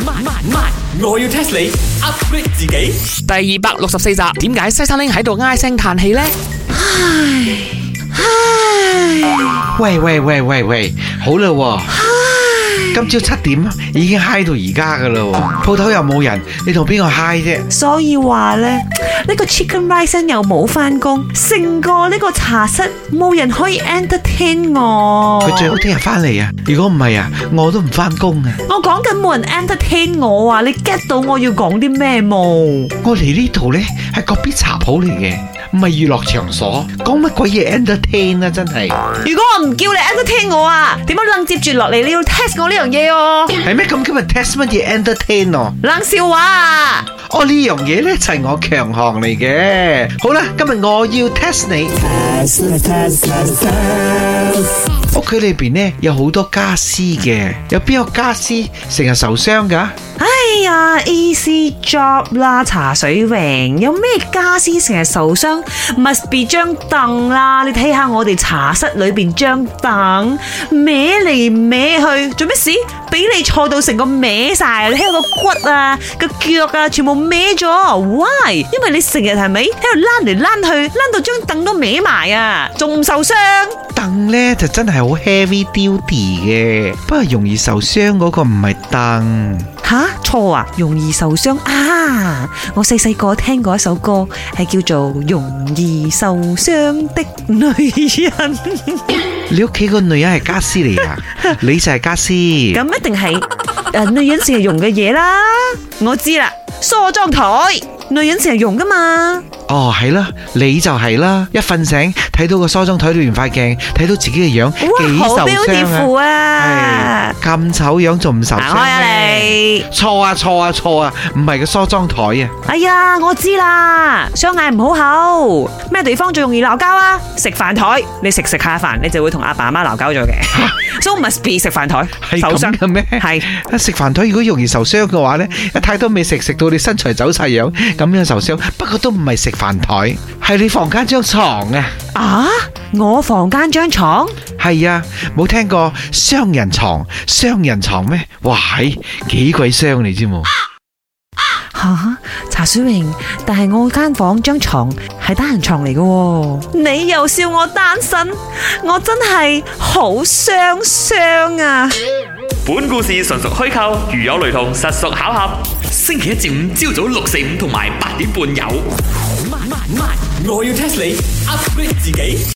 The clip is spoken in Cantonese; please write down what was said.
慢慢，我要 test 你，upgrade 自己。第二百六十四集，點解西山令喺度唉聲嘆氣呢？唉唉，喂喂喂喂喂，好嘞喎！今朝七點啊，已經嗨到而家噶啦，鋪頭又冇人，你同邊個嗨啫？所以話咧，呢個 Chicken Rice 又冇翻工，成個呢個茶室冇人可以 entertain 我。佢最好聽日翻嚟啊！如果唔係啊，我都唔翻工啊！我講緊冇人 entertain 我啊！你 get 到我要講啲咩冇？我嚟呢度咧，係個必茶鋪嚟嘅。唔係娛樂場所，講乜鬼嘢 entertain 啊！真係，如果我唔叫你 entertain 我啊，點解撚接住落嚟你要 test 我呢樣嘢哦？係咩咁今日 test 乜嘢 entertain 哦、啊？冷笑話啊！哦呢樣嘢咧就係、是、我強項嚟嘅。好啦，今日我要 test 你。test test test test。屋企裏邊咧有好多家私嘅，有邊個家私成日受傷噶？啊咩啊？Easy job 啦，茶水榮有咩家私成日受傷？Must be 張凳啦，你睇下我哋茶室裏邊張凳歪嚟歪去，做咩事？俾你坐到成個歪晒，你喺個骨啊、個腳啊，全部歪咗。Why？因為你成日係咪喺度攋嚟攋去，攋到張凳都歪埋啊，仲唔受傷？凳呢就真係好 heavy duty 嘅，不過容易受傷嗰個唔係凳。吓錯啊！容易受傷啊！我細細個聽過一首歌，係叫做《容易受傷的女人》。你屋企個女人係家私嚟㗎？你就係家私。咁一定係誒，女人成日用嘅嘢啦。我知啦，梳妝台女人成日用噶嘛。哦，係啦，你就係啦。一瞓醒睇到個梳妝台裡面塊鏡，睇到自己嘅樣，幾受傷啊！咁醜樣仲唔受錯啊錯啊錯啊，唔係個梳妝檯啊！啊啊哎呀，我知啦，相嗌唔好口，咩地方最容易鬧交啊？食飯檯，你食食下飯，你就會同阿爸阿媽鬧交咗嘅，so must be 食飯檯，係咁嘅咩？係啊傷，是食飯檯如果容易受傷嘅話呢，一太多美食食到你身材走晒樣，咁樣受傷。不過都唔係食飯檯，係你房間張床啊！啊，我房間張床。係啊，冇聽過雙人床，雙人床咩？喂，幾鬼傷你知冇？哈哈、啊、查、啊、小、啊、明，但係我間房張床係單人床嚟嘅，啊。你又笑我單身，我真係好傷傷啊！本故事純屬虛構，如有雷同，實屬巧合。星期一至五朝早六四五同埋八點半有。我要 test 你，upgrade 自己。